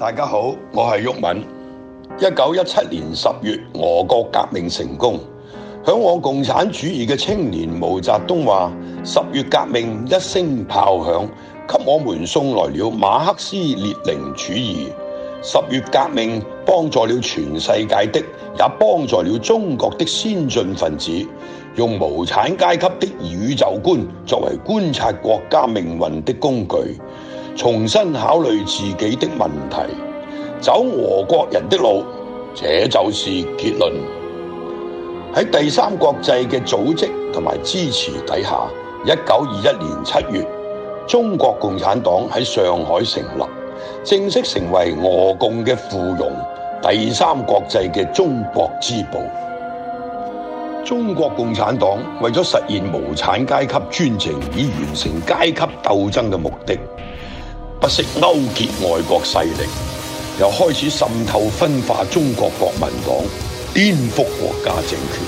大家好，我係郁敏。一九一七年十月，俄國革命成功。嚮往共產主義嘅青年毛澤東話：十月革命一聲炮響，給我們送來了馬克思列寧主義。十月革命幫助了全世界的，也幫助了中國的先進分子，用無產階級的宇宙觀作為觀察國家命運的工具。重新考慮自己的問題，走俄國人的路，這就是結論。喺第三國際嘅組織同埋支持底下，一九二一年七月，中國共產黨喺上海成立，正式成為俄共嘅附庸，第三國際嘅中國支部。中國共產黨為咗實現無產階級專政以完成階級鬥爭嘅目的。不惜勾結外國勢力，又開始滲透分化中國國民黨，顛覆國家政權，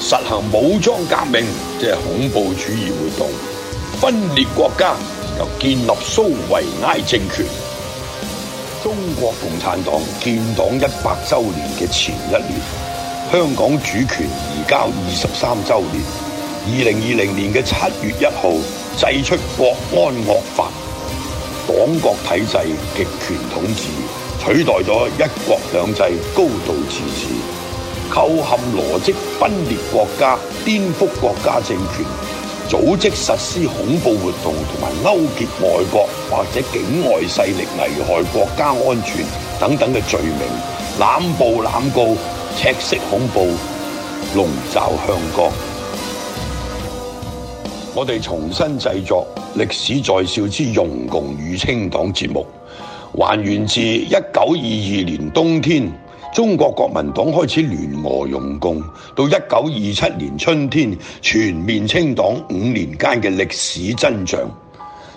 實行武裝革命，即係恐怖主義活動，分裂國家，又建立蘇維埃政權。中國共產黨建黨一百周年嘅前一年，香港主權移交二十三周年，二零二零年嘅七月一號，祭出國安惡法。港國體制極權統治取代咗一國兩制高度自治，構陷羅織分裂國家、顛覆國家政權、組織實施恐怖活動同埋勾結外國或者境外勢力危害國家安全等等嘅罪名，濫捕濫告、赤色恐怖籠罩香港。我哋重新製作歷史在笑之容共與清黨節目，還原至一九二二年冬天，中國國民黨開始聯俄容共，到一九二七年春天全面清黨五年間嘅歷史真相，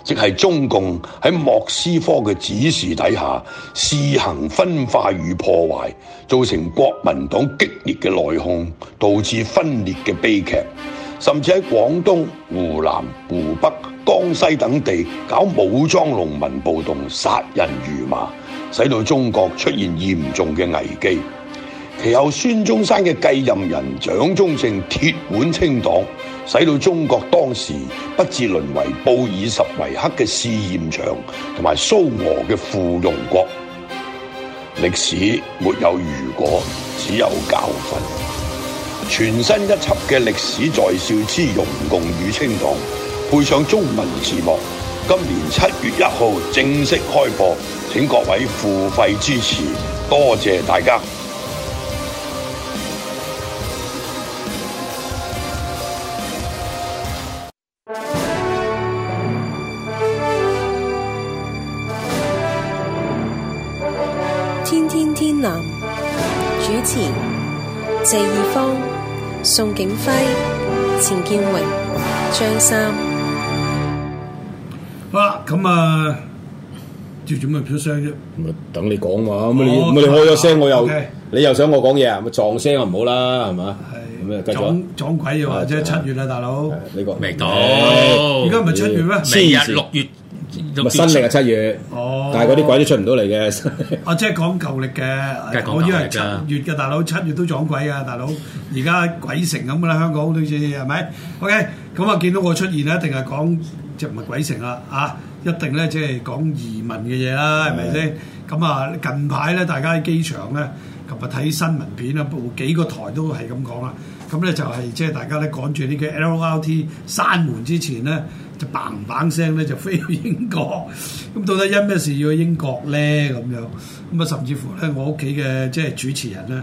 即係中共喺莫斯科嘅指示底下試行分化與破壞，造成國民黨激烈嘅內訌，導致分裂嘅悲劇。甚至喺廣東、湖南、湖北、江西等地搞武裝農民暴動，殺人如麻，使到中國出現嚴重嘅危機。其後孫中山嘅繼任人蔣中正鐵腕清黨，使到中國當時不至淪為布爾什維克嘅試驗場同埋蘇俄嘅附庸國。歷史沒有如果，只有教訓。全新一集嘅歷史在笑之《容共與清黨》，配上中文字幕，今年七月一號正式開播，請各位付費支持，多謝大家。天天天藍主持謝義方。宋景輝、錢建榮、張三，好啦，咁啊，接住咪出聲啫。等你講嘛，咁你開咗聲，我又你又想我講嘢啊，咪撞聲啊，唔好啦，係嘛？撞撞鬼啊！即係七月啊，大佬，未到，而家唔係七月咩？明日六月。咪新曆係七月，但係嗰啲鬼都出唔到嚟嘅。哦，即係講舊歷嘅，我以為七月嘅，大佬七月都撞鬼啊，大佬！而家鬼城咁啦，香港好似係咪？OK，咁啊，見到我出現咧，一定係講即係唔係鬼城啦，啊，一定咧即係講移民嘅嘢啦，係咪先？咁啊，近排咧，大家喺機場咧，琴日睇新聞片啦，部幾個台都係咁講啦。咁咧就係即係大家咧趕住呢個 LRT 閂門之前咧。砰砰聲咧就飛去英國，咁 到底因咩事要去英國咧？咁樣咁啊，甚至乎咧，我屋企嘅即係主持人咧，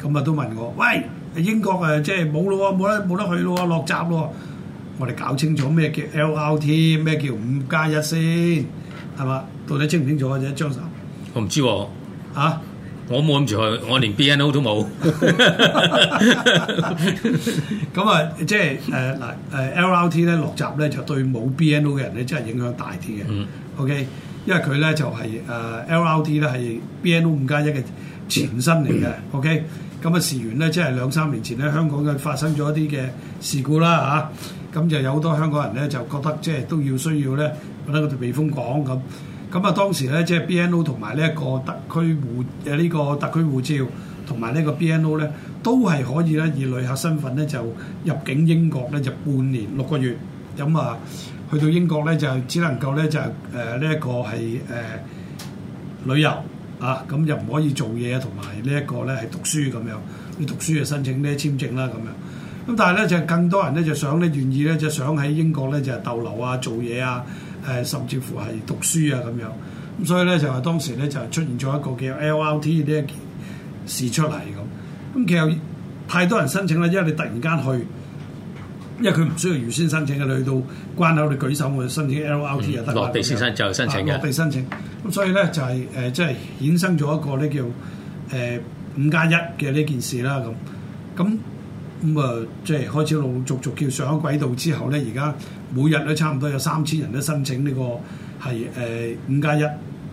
咁啊都問我：喂，英國啊，即係冇咯喎，冇得冇得去咯喎，落閘咯！我哋搞清楚咩叫 LRT，咩叫五加一先，係嘛？到底清唔清,清楚啊？張生，我唔知喎、啊，啊我冇諗住去，我連 B N O 都冇。咁啊，即係誒嗱誒 L R T 咧落閘咧，就對冇 B N O 嘅人咧，真係影響大啲嘅。OK，因為佢咧就係誒 L R T 咧係 B N O 五加一嘅前身嚟嘅。OK，咁啊事緣咧，即係兩三年前咧，香港就發生咗一啲嘅事故啦吓，咁就有好多香港人咧就覺得即係都要需要咧揾嗰條避風港咁。咁啊，當時咧即係 BNO 同埋呢一個特區護嘅呢個特區護照，同埋呢個 BNO 咧，都係可以咧以旅客身份咧就入境英國咧，就半年六個月。咁啊，去到英國咧就只能夠咧就誒呢一個係誒、呃、旅遊啊，咁又唔可以做嘢同埋呢一個咧係讀書咁樣。你讀書就申請呢啲簽證啦咁樣。咁但係咧就更多人咧就想咧願意咧就想喺英國咧就逗留啊、做嘢啊、誒甚至乎係讀書啊咁樣。咁所以咧就話當時咧就出現咗一個叫 LRT 呢一件事出嚟咁。咁其實太多人申請啦，因為你突然間去，因為佢唔需要預先申請嘅，你去到關口，你舉手我哋申請 LRT、嗯、就得啦。落地先申請嘅、啊。落地申請。咁所以咧就係誒即係衍生咗一個呢，叫誒五加一嘅呢件事啦咁。咁咁啊、嗯，即係開始陸陸續續叫上咗軌道之後咧，而家每日都差唔多有三千人都申請呢、呢個係誒五加一，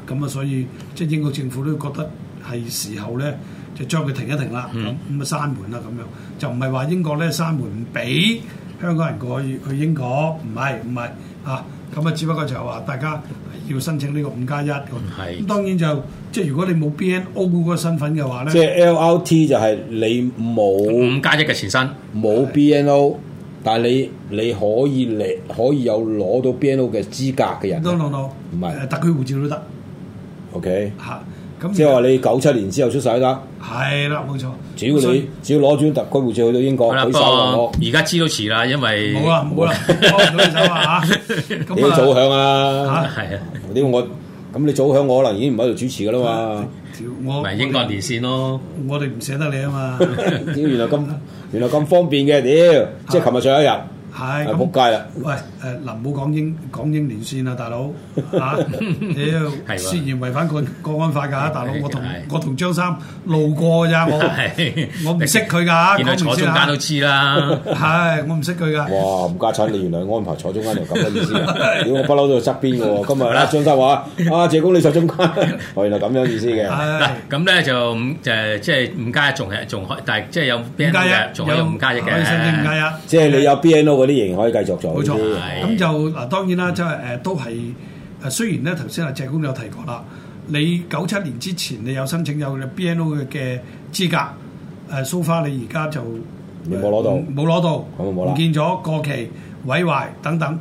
咁啊，所以即係英國政府都覺得係時候咧，就將佢停一停啦，咁咁啊，閂門啦咁樣，就唔係話英國咧閂門唔俾香港人過去去英國，唔係唔係啊。咁啊，只不過就係話大家要申請呢個五加一咁。係，咁的當然就即係如果你冇 B N O 嗰個身份嘅話咧，即係 L R T 就係你冇五加一嘅前身，冇 B N O，的但係你你可以嚟可以有攞到 B N O 嘅資格嘅人，No，no，no，唔係，特區護照都得。OK。嚇。即係話你九七年之後出世啦，係啦，冇錯。只要你只要攞住特區護照去到英國舉手就攞。而家知道遲啦，因為冇啦冇啦，我唔舉手啦吓。咁啊，早響啊，係啊。呢個我咁你早響，我可能已經唔喺度主持噶啦嘛我咪英國連線咯，我哋唔捨得你啊嘛。屌，原來咁原來咁方便嘅，屌，即係琴日上一日。係咁好怪啦！喂，誒嗱，唔好講英講英連線啦，大佬嚇，屌！涉嫌違反個個安法㗎，大佬，我同我同張三路過㗎咋，我我唔識佢㗎。原來坐中間都知啦。係我唔識佢㗎。哇！吳家產，你原來安排坐中間就咁嘅意思啦。屌！我不嬲都喺側邊㗎喎。今日啊，張生話啊，謝公你坐中間，原來咁樣意思嘅。係咁咧就誒即係吳家仲係仲可，但係即係有邊個仲有吳家益嘅？有吳家益，即係你有邊個？嗰啲仍然可以繼續做，冇錯。咁就嗱，當然啦，即係誒，都係誒。雖然咧，頭先阿謝公有提過啦，你九七年之前你有申請有 BNO 嘅資格，誒、呃，收翻你而家就冇攞、呃、到，冇攞到，冇唔見咗，過期毀壞等等，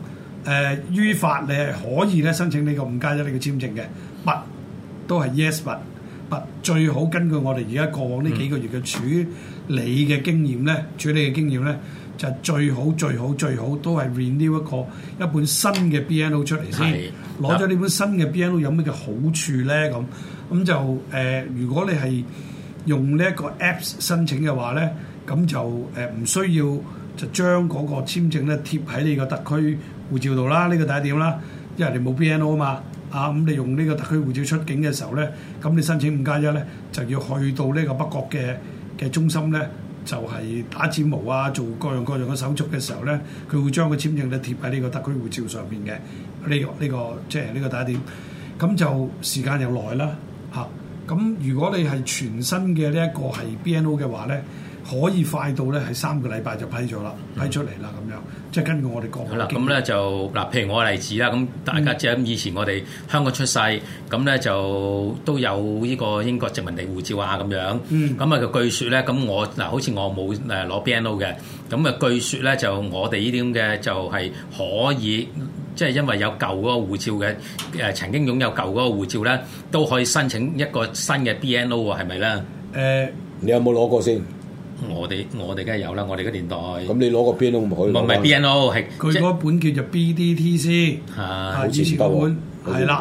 誒、呃，於法你係可以咧申請呢個五加一呢個簽證嘅，不都係 yes 不不最好根據我哋而家過往呢幾個月嘅處理嘅經驗咧，處、嗯、理嘅經驗咧。就最好最好最好都係 renew 一個一本新嘅 BNO 出嚟先，攞咗呢本新嘅 BNO 有咩嘅好處咧？咁咁就誒、呃，如果你係用呢一個 Apps 申請嘅話咧，咁就誒唔、呃、需要就將嗰個簽證咧貼喺你個特區護照度啦。呢、呢個第一點啦，因為你冇 BNO 啊嘛，啊咁你用呢個特區護照出境嘅時候咧，咁你申請五加一咧，就要去到呢個北角嘅嘅中心咧。就係打指模啊，做各樣各樣嘅手續嘅時候咧，佢會將個簽證咧貼喺呢個特區護照上邊嘅呢個呢、呢個即係呢個打點，咁就時間又耐啦嚇。咁、啊、如果你係全新嘅、NO、呢一個係 BNO 嘅話咧。可以快到咧，係三個禮拜就批咗啦，批出嚟啦咁樣，嗯、即係根據我哋講法。好啦，咁咧就嗱，譬如我例子啦，咁大家即咁以前我哋香港出世，咁咧、嗯、就都有呢個英國殖民地護照啊，咁樣。嗯。咁啊，據說咧，咁我嗱，好似我冇誒攞 BNO 嘅，咁啊，據說咧就我哋呢啲咁嘅就係可以，即、就、係、係、因為有舊嗰個護照嘅，誒、呃、曾經擁有舊嗰個護照咧，都可以申請一個新嘅 BNO 喎，係咪咧？誒，你有冇攞過先？我哋我哋梗係有啦，我哋嘅年代。咁你攞個 B N O 唔可以？唔係 B N O，係佢嗰本叫做 B D T C，係以前嗰本係啦。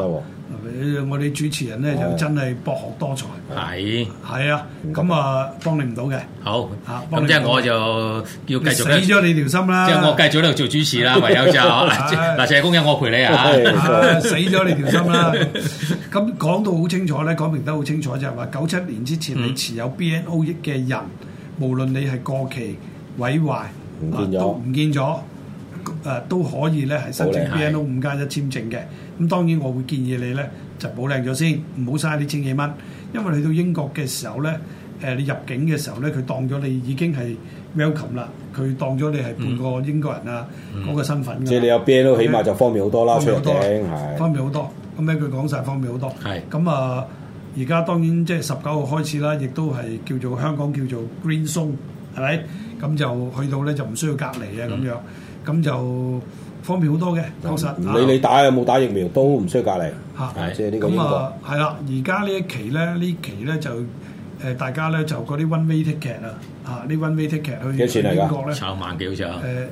我哋主持人咧就真係博學多才。係係啊，咁啊幫你唔到嘅。好嚇，咁即係我就要繼續死咗你條心啦。即係我繼續喺度做主持啦，唯有就嗱謝公有我陪你啊。死咗你條心啦！咁講到好清楚咧，講明得好清楚，就係話九七年之前你持有 B N O 益嘅人。無論你係過期毀壞，唔見咗，誒、啊都，呃、都可以咧，係申請 BNO 五加一簽證嘅。咁當然我會建議你咧，就保靚咗先，唔好嘥呢千幾蚊，因為你去到英國嘅時候咧，誒、呃、你入境嘅時候咧，佢當咗你已經係 Malcolm 啦，佢當咗你係半個英國人啊嗰、嗯、個身份、嗯嗯、即係你有 BNO，起碼就方便好多啦，出入境係方便好多。咁咧佢講晒方便好多。係咁啊！而家當然即係十九號開始啦，亦都係叫做香港叫做 Green Zone，係咪？咁就去到咧就唔需要隔離啊咁、嗯、樣，咁就方便好多嘅，確、嗯、實。唔理你打有冇、啊、打疫苗都唔需要隔離。嚇是，即係呢咁啊，係啦。而家呢一期咧，期呢期咧就誒、呃、大家咧就嗰啲 one way ticket 啊，嚇，呢 one way ticket 去英國咧，炒萬幾好似啊？誒、呃、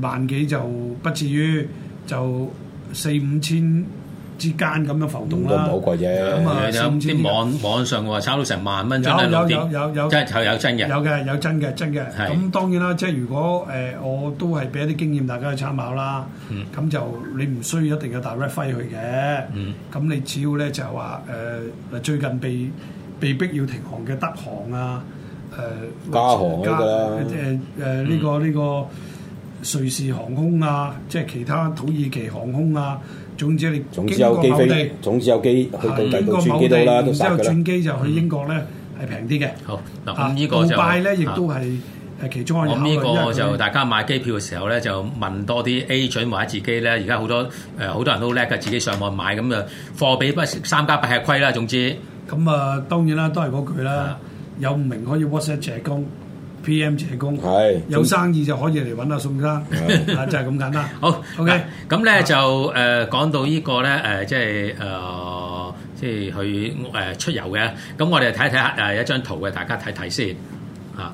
萬幾就不至於，就四五千。之間咁樣浮動啦，都唔好貴啫。有啲網、網上話炒到成萬蚊，真係有啲真係又有真嘅。有嘅，有真嘅真嘅。咁當然啦，即係如果誒我都係俾一啲經驗大家去參考啦。咁就你唔需要一定有大 referee 去嘅。咁你只要咧就係話誒，最近被、被逼要停航嘅德航啊，誒加航啦，誒、誒呢個呢個。瑞士航空啊，即係其他土耳其航空啊，總之你總之有某地，總之有機去到第度轉機都啦，然、嗯、之後轉機就去英國咧，係平啲嘅。好嗱，咁呢個就，快咧，亦都係，呃，其中一個，呢個就大家買機票嘅時候咧，就問多啲 agent，或者自己咧，而家好多，呃，好多人都叻㗎，自己上網買，咁啊，貨比不三家不吃虧啦。總之，咁啊，當然啦，都係嗰句啦，有唔明可以 WhatsApp 謝工。PM 社工係有生意就可以嚟揾阿宋生，是的 就係咁簡單。 好 OK，咁咧、啊、就誒、呃、講到呢、這個咧誒、呃，即係誒、呃、即係、呃、去誒、呃、出遊嘅。咁我哋睇一睇下誒一張圖嘅，大家睇睇先嚇。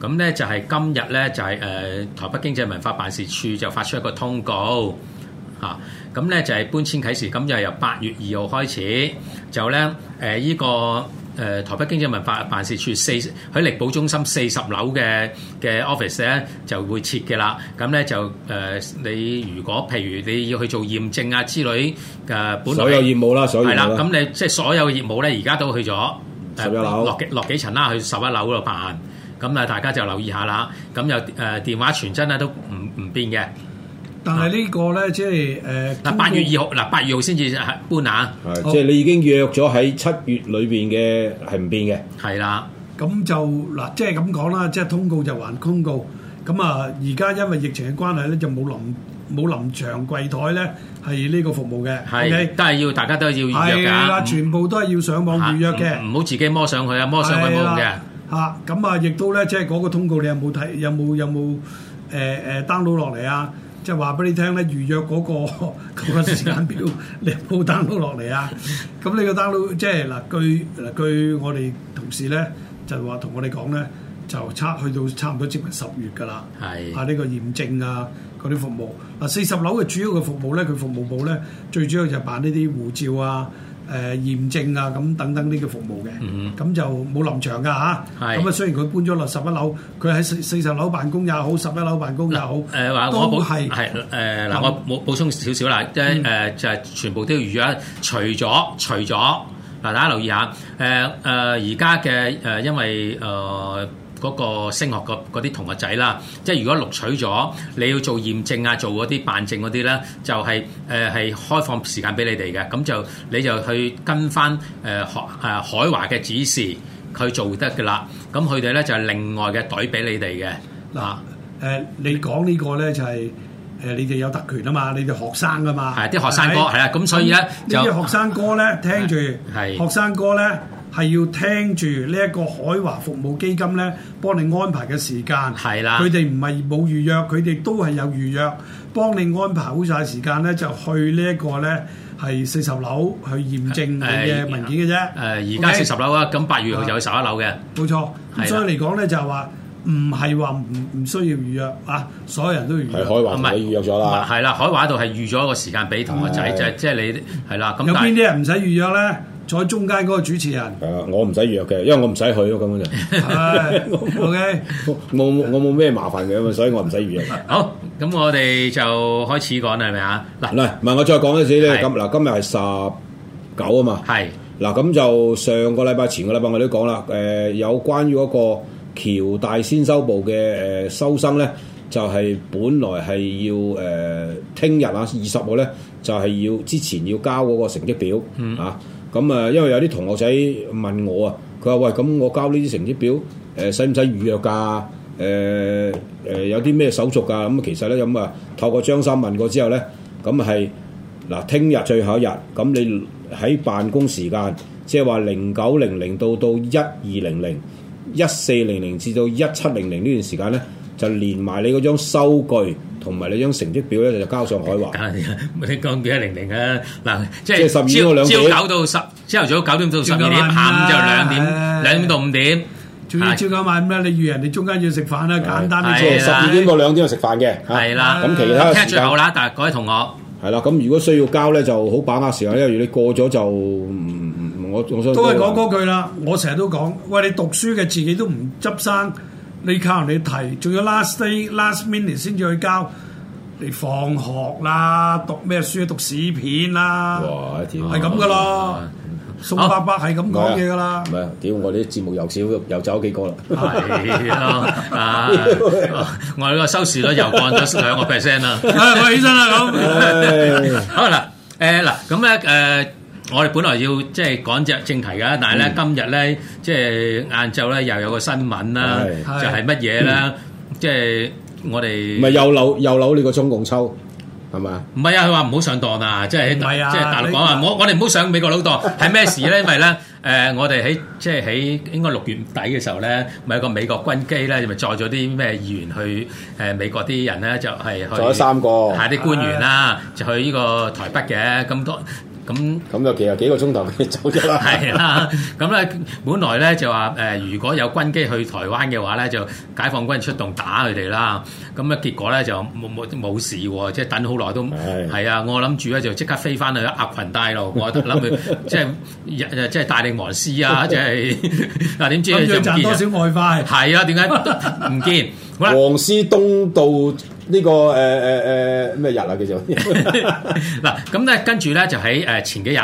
咁、啊、咧就係、是、今日咧就係、是、誒、呃、台北經濟文化辦事處就發出一個通告。嚇、啊。咁咧就係、是、搬遷啟事，咁就由八月二號開始就咧誒呢個。誒、呃、台北經濟文化辦事處四喺力寶中心四十樓嘅嘅 office 咧就會設嘅啦，咁咧就誒、呃、你如果譬如你要去做驗證啊之類、呃、本所有業務啦，所有啦，係啦，咁你即係所有業務咧而家都去咗十一樓落幾落幾層啦，去十一樓嗰度辦，咁啊大家就留意下啦，咁又誒電話傳真咧都唔唔變嘅。但係呢、這個咧，即係誒嗱，八、呃、月二號嗱，八月二號先至搬啊！係，即係你已經約咗喺七月裏邊嘅係唔變嘅。係啦的，咁就嗱，即係咁講啦，即係通告就還通告。咁啊，而家因為疫情嘅關係咧，就冇臨冇臨場櫃台咧係呢個服務嘅。係是，都係 okay? 要大家都要預約㗎。全部都係要上網預約嘅，唔好、嗯啊嗯、自己摸上去啊，摸上去冇用嘅的。嚇，咁啊，亦都咧，即係嗰個通告你有冇睇？有冇有冇誒誒 down 到落嚟啊？即係話俾你聽咧，預約嗰，那個嗰，那個時間表 你冇 download 落嚟啊！咁你個 download 即係嗱，據嗱據我哋同事咧就話同我哋講咧，就差去到差唔多接近十月㗎啦。係是啊，呢，這個驗證啊，嗰啲服務啊，四十樓嘅主要嘅服務咧，佢服務部咧最主要就係辦呢啲護照啊。誒驗證啊，咁、嗯、等等呢個服務嘅，咁就冇臨場㗎吓。咁啊的，雖然佢搬咗落十一樓，佢喺四四十樓辦公也好，十一樓辦公又好，呃、都係係誒嗱，我補、哎啊嗯啊、補充少少啦，嗯、即係、呃、就係、是、全部都要預約，除咗除咗嗱，大家留意下誒誒，而家嘅誒，因為誒。呃嗰個升學嗰嗰啲同學仔啦，即係如果錄取咗，你要做驗證啊，做嗰啲辦證嗰啲咧，就係誒係開放時間俾你哋嘅，咁就你就去跟翻誒學誒海華嘅指示去做得噶啦，咁佢哋咧就係另外嘅隊俾你哋嘅。嗱誒，你講呢個咧就係誒你哋有特權啊嘛，你哋學生噶嘛，係啲學生哥係啦，咁所以咧有啲學生哥咧聽住，係學生哥咧。係要聽住呢一個海華服務基金咧，幫你安排嘅時間。係是啦，佢哋唔係冇預約，佢哋都係有預約，幫你安排好晒時間咧，就去呢一個咧係四十樓去驗證你嘅文件嘅啫。誒，而家四十樓啊，咁八月佢就去十一樓嘅。冇錯，是啦 所以嚟講咧，就係話唔係話唔唔需要預約啊，所有人都要預約。係海華，你預約咗啦，係、啊、啦，海華度係預咗一個時間俾同個仔仔，即係你係啦。咁有邊啲人唔使預約咧？坐喺中間嗰個主持人，係啊，我唔使預約嘅，因為我唔使去咯，根本就，OK，我我冇咩麻煩嘅，咁啊，所以我唔使預約。好，咁我哋就開始講啦，係咪啊？嗱，唔係我再講一次咧，今嗱今日係十九啊嘛，係嗱咁就上個禮拜前個禮拜我都講啦，誒有關於嗰個僑大先修部嘅誒收生咧，就係本來係要誒聽日啊二十號咧。就係要之前要交嗰個成績表，嚇咁、嗯、啊！因為有啲同學仔問我啊，佢話：喂，咁我交呢啲成績表，誒使唔使預約㗎？啊？誒、呃、誒、呃、有啲咩手續㗎？啊？咁、嗯、其實咧咁啊，透過張三問過之後咧，咁係嗱，聽日最後一日，咁你喺辦公時間，即係話零九零零到到一二零零、一四零零至到一七零零呢段時間咧，就連埋你嗰張收據。同埋你張成績表咧就交上海華。你講幾多零零啊？嗱，即係十二點過兩點朝九到十，朝頭早九點到十二點，下午就兩點，兩點到五點。仲要朝九晚五啦。你預人哋中間要食飯啦，簡單啲。係十二點過兩點就食飯嘅。係啦。咁其他時間有啦，但係各位同學。係啦，咁如果需要交咧，就好把握時間。因為你過咗就，我我想都係講嗰句啦，我成日都講，喂，你讀書嘅自己都唔執生。你靠你提，仲要 last day、last minute 先至去交。你放學啦，讀咩書？讀史片啦，係咁噶啦。宋伯伯係咁講嘢噶啦。唔係，屌！我啲節目又少，又走幾個啦。係啊，我哋個收視率又降咗兩個 percent 啦。起身啦咁。好啦，誒嗱，咁咧，誒。我哋本來要即係講隻正題㗎，但係咧今日咧即係晏晝咧又有個新聞啦，就係乜嘢啦？即係我哋唔係右佬，右佬你個中共抽係咪啊？唔係啊，佢話唔好上當啊！即係即係大陸講話，我我哋唔好上美國佬當。係咩事咧？因為咧，誒我哋喺即係喺應該六月底嘅時候咧，咪一個美國軍機咧，就咪載咗啲咩議員去誒美國啲人咧，就係載咗三個係啲官員啦，就去呢個台北嘅咁多。咁咁、嗯、就其實幾個鐘頭佢走咗啦。係啦、啊，咁、嗯、咧本來咧就話誒、呃，如果有軍機去台灣嘅話咧，就解放軍出動打佢哋啦。咁、嗯、咧結果咧就冇冇冇事喎，即係等好耐都係唉啊！我諗住咧就即刻飛翻去阿群帶路。我諗佢 即係即係大力黃絲啊，即係嗱點知就唔見啊？賺多少外快？係 啊，點解唔見？黃絲 東到。呢個誒誒誒咩日啊叫做嗱咁咧，跟住咧就喺誒前幾日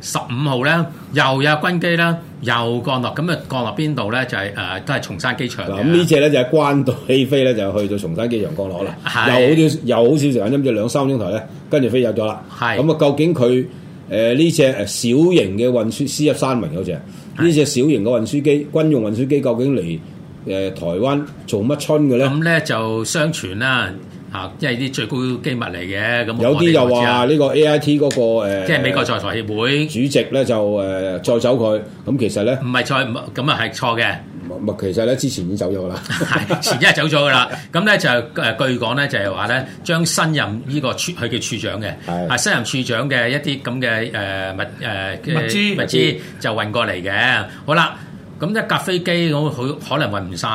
十五號咧，又有軍機啦，又降落咁啊降落邊度咧？就係、是、誒、呃、都係松山機場啦、啊。咁呢隻咧就係、是、關島起飛咧，就去到松山機場降落啦。是又好少是又好少時間，咁就兩三鐘頭咧，跟住飛入咗啦。係咁啊，究竟佢誒呢隻誒小型嘅運輸 C 一三零嗰隻呢隻小型嘅運輸機軍用運輸機，究竟嚟？誒台灣做乜春嘅咧？咁咧就相傳啦嚇，即係啲最高機密嚟嘅。咁有啲又話呢個 A I T 嗰個誒，即係美國在台協會主席咧就誒再走佢。咁其實咧，唔係再咁啊係錯嘅。唔唔，其實咧之前已經走咗啦，前一日走咗噶啦。咁咧就誒據講咧就係話咧將新任呢個處，佢叫處長嘅，啊新任處長嘅一啲咁嘅誒物誒物資物資就運過嚟嘅。好啦。咁一係架飛機，咁佢可能運唔晒。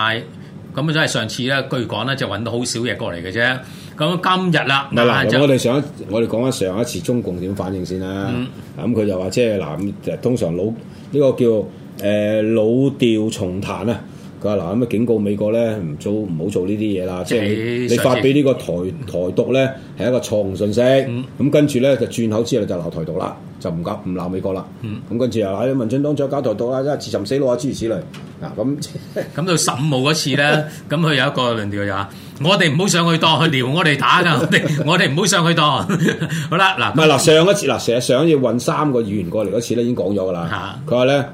咁啊真係上次咧據講咧就揾到好少嘢過嚟嘅啫。咁今日啦，嗱了就我哋上一我哋講翻上一次中共點反應先啦。咁佢、嗯、就話即係嗱，通常老呢、呢個叫誒、呃、老調重彈啊。佢話：嗱咁啊，警告美國咧，唔做唔好做呢啲嘢啦。即係你發俾呢個台台獨咧，係一個錯誤信息。咁跟住咧就轉口之後就鬧台獨啦，就唔夾唔鬧美國啦。咁跟住又話民進黨再搞台獨啦，即係自尋死路啊！諸如此類。嗱咁咁到十五號嗰次咧，咁佢有一個論調就話：我哋唔好上去當，佢撩我哋打㗎。我哋我哋唔好上去當。好啦，嗱唔係嗱上一次嗱成日上一次揾三個議員過嚟嗰次咧，已經講咗㗎啦。佢話咧。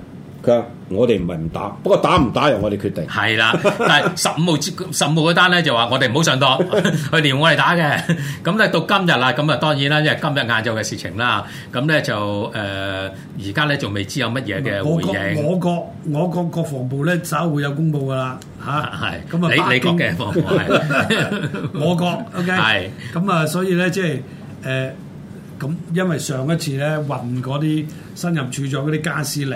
我哋唔係唔打，不過打唔打由我哋決定。係啦，但係十五號、十五號嗰單咧就話我哋唔好上當，佢連我哋打嘅。咁咧到今日啦，咁啊當然啦，因為今日晏晝嘅事情啦，咁咧就誒而家咧仲未知有乜嘢嘅回應。我國我國我國國防部咧稍會有公布噶啦吓，係咁啊，你你講嘅國防部係，我國 OK 係。咁啊，所以咧即係誒，咁因為上一次咧運嗰啲新任處長嗰啲家私嚟。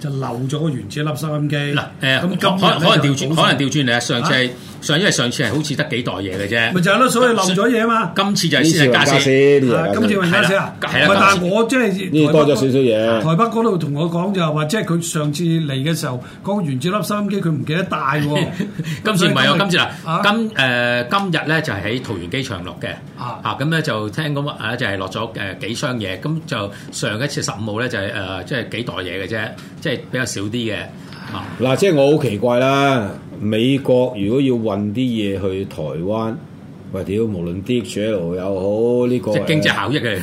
就漏咗個原子粒收音機嗱，誒，可可能調轉，可能調轉嚟啊！上次，上因為上次係好似得幾袋嘢嘅啫，咪就係咯，所以漏咗嘢嘛。今次就係量加四，今次量加四啊！但係我即係，呢多咗少少嘢。台北嗰度同我講就話，即係佢上次嚟嘅時候，講原子粒收音機佢唔記得帶喎。今次唔係啊，今次啦，今誒今日咧就係喺桃園機場落嘅啊，嚇咁咧就聽講啊，就係落咗誒幾箱嘢，咁就上一次十五號咧就係誒即係幾袋嘢嘅啫，比較少啲嘅，嗱、哦，即係我好奇怪啦。美國如果要運啲嘢去台灣，喂，屌，無論 DHL 又好，呢、這個即係經濟效益嘅，呃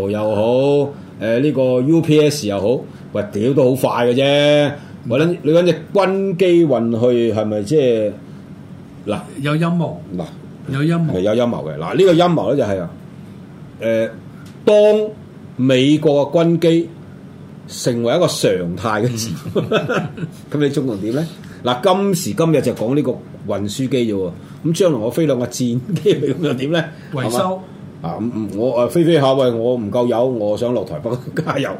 ，Federal 又好，誒、 呃，呢、這個 UPS 又好，喂，屌都好快嘅啫。我諗你諗隻軍機運去係咪即係嗱？是是就是、有陰謀，嗱嘗，有陰謀，是是有陰謀嘅。嗱，呢、這個陰謀咧就係、是、誒、呃，當美國嘅軍機。成為一個常態嘅事，咁、嗯、 你中國點咧？嗱，今時今日就講呢個運輸機啫喎，咁將來我飛兩個戰機咁又點咧？維修啊，我誒飛飛下喂，我唔夠油，我想落台北加油，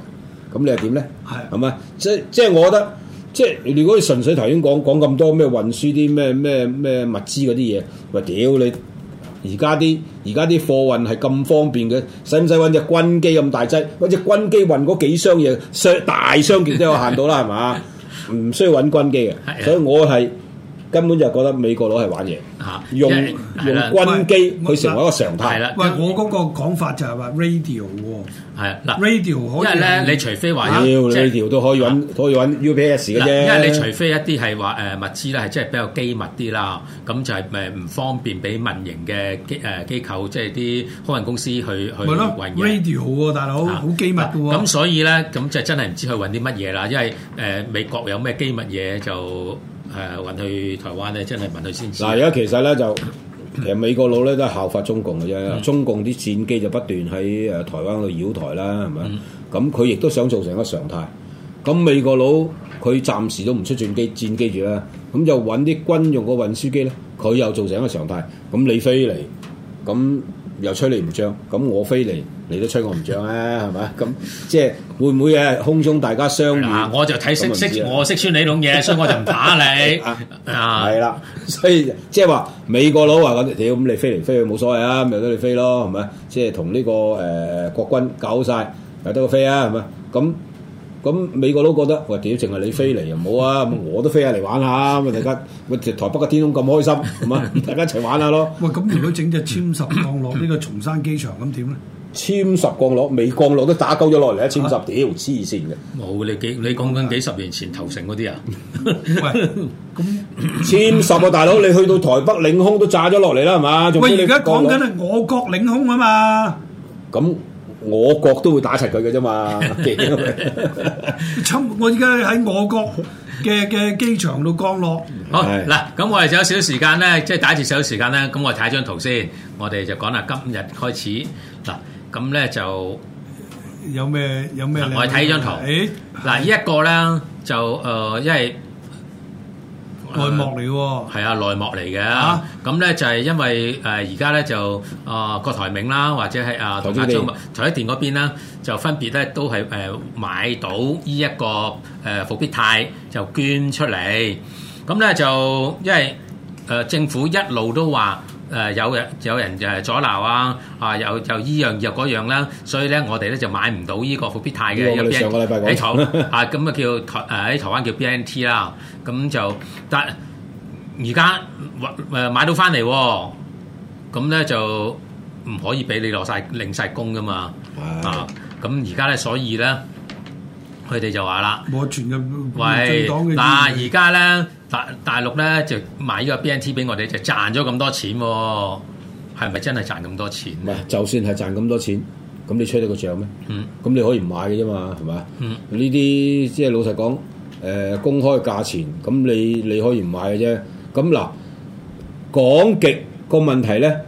咁你又點咧？係的，係咪？即即係我覺得，即係如果你純粹頭先講講咁多咩運輸啲咩咩咩物資嗰啲嘢，喂，屌你！而家啲而家啲貨運係咁方便嘅，使唔使揾隻軍機咁大劑？揾隻軍機運嗰幾箱嘢，箱大箱件都有限到啦，係嘛？ 唔需要揾軍機嘅， 所以我係。根本就係覺得美國佬係玩嘢嚇，用用軍機去成為一個常態。喂，我嗰個講法就係話 radio 喎的，係嗱 radio 可以，因為咧你除非話 radio，就是，radio 都可以揾的可以 UPS 嘅啫。因為你除非一啲係話誒物資咧係即係比較機密啲啦，咁就係誒唔方便俾民營嘅機誒機構，即係啲空運公司去的去運 radio 好、啊、喎，大佬好的機密喎。咁所以咧，咁就真係唔知去揾啲乜嘢啦。因為誒、呃、美國有咩機密嘢就。誒、啊、運去台灣咧，真係運去先。嗱，而家其實咧就，其實美國佬咧都係效法中共嘅啫。嗯、中共啲戰機就不斷喺誒台灣度繞台啦，係咪？咁佢亦都想造成一個常態。咁美國佬佢暫時都唔出戰機，戰機住啦。咁就搵啲軍用嘅運輸機咧，佢又造成一個常態。咁你飛嚟，咁又吹你唔脹，咁我飛嚟。你都吹我唔漲啊，係咪啊？咁即係會唔會啊？空中大家相遇，嗯，我就睇識唔識，我識穿你呢種嘢，所以我就唔打你。啊、 嗯，係啦，所以即係話美國佬話，屌咁你飛嚟飛去冇所謂啊，咪得你飛咯，係咪即係同呢個誒、呃、國軍搞晒，咪得個飛啊，係咪啊？咁咁美國佬覺得，喂，屌，淨係你飛嚟又冇啊，我都飛下嚟玩下咁啊大家，喂，台北嘅天空咁開心，咁啊，大家，大家一齊玩下咯，啊。喂，咁如果整隻殲十降落呢個松山機場咁點咧？ 簽十降落，未降落都打鳩咗落嚟啊！簽十，屌黐線嘅。冇，你幾你講緊幾十年前投誠嗰啲啊？簽喂 十啊，大佬，你去到台北領空都炸咗落嚟啦，係嘛？喂，而家講緊係我國領空啊嘛。咁我國都會打齊佢嘅啫嘛。啊啊、 我而家喺我國嘅嘅機場度降落。嗱好，咁是我哋就有少少時間咧，即係打字少少時間咧，咁我睇一張圖先，我哋就講下今日開始嗱。咁咧就有咩有咩？另外睇張圖，嗱呢一個咧就誒，因為內幕嚟喎，係啊內幕嚟嘅。咁咧就係因為誒而家咧就啊郭台銘啦，或者係啊台積電嗰邊啦，就分別咧都係誒買到呢一個誒復必泰，就捐出嚟。咁咧就因為誒政府一路都話，誒、呃、有，有人、啊呃、有人誒阻撓啊，啊有有依樣又嗰樣啦，所以咧我哋咧就買唔到呢個復必泰嘅、嗯、B N 喺 台啊咁啊叫台誒喺台灣叫 B N T 啦，咁、啊、就但係而家誒買到翻嚟喎，咁、啊、咧、嗯、就唔可以俾你落晒，領晒工噶嘛啊，咁而家咧所以咧。佢哋就話啦，喂，嗱而家咧大大陸咧就買咗 BNT 俾我哋，就賺咗咁多錢，係咪真係賺咁多錢？唔係，就算係賺咁多錢，咁你吹得個脹咩？嗯，咁你可以唔買嘅啫嘛，係咪？嗯，呢啲即係老實講，誒公開價錢，咁你你可以唔買嘅啫。咁嗱，講極個問題咧。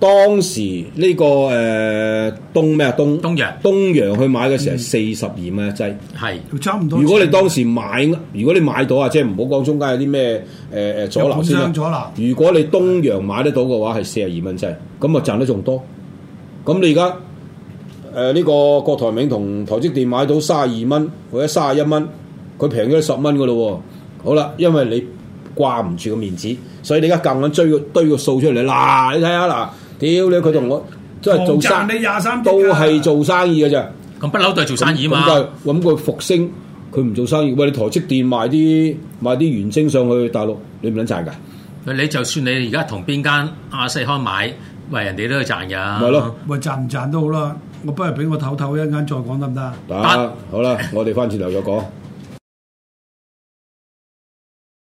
當時呢、這個誒東咩啊東東洋陽東洋去買嘅時候係四十二蚊一劑，係、嗯，如果你當時買，如果你買到啊，即係唔好講中間有啲咩誒誒阻撓先啦。阻撓？阻如果你東洋買得到嘅話，係四十二蚊一劑，咁啊賺得仲多。咁的你而家誒呢個郭台銘同台積電買到三十二蚊或者三十一蚊，佢平咗十蚊嘅咯喎。好啦，因為你掛唔住個面子，所以你而家夾硬追個堆個數出嚟嗱，你睇下嗱。屌你！佢同我真係做生，都係做生意嘅啫。咁不嬲都係做，做生意嘛。咁就揾、是、個復星，佢唔做生意。喂，你台積電賣啲賣啲原星上去大陸，你唔撚賺㗎？你就算你而家同邊間亞細康買，喂，人哋都賺㗎。咪係咯，喂賺唔賺都好啦。我不如俾我唞唞一陣再講得唔得？得，好啦，我哋翻轉頭再講。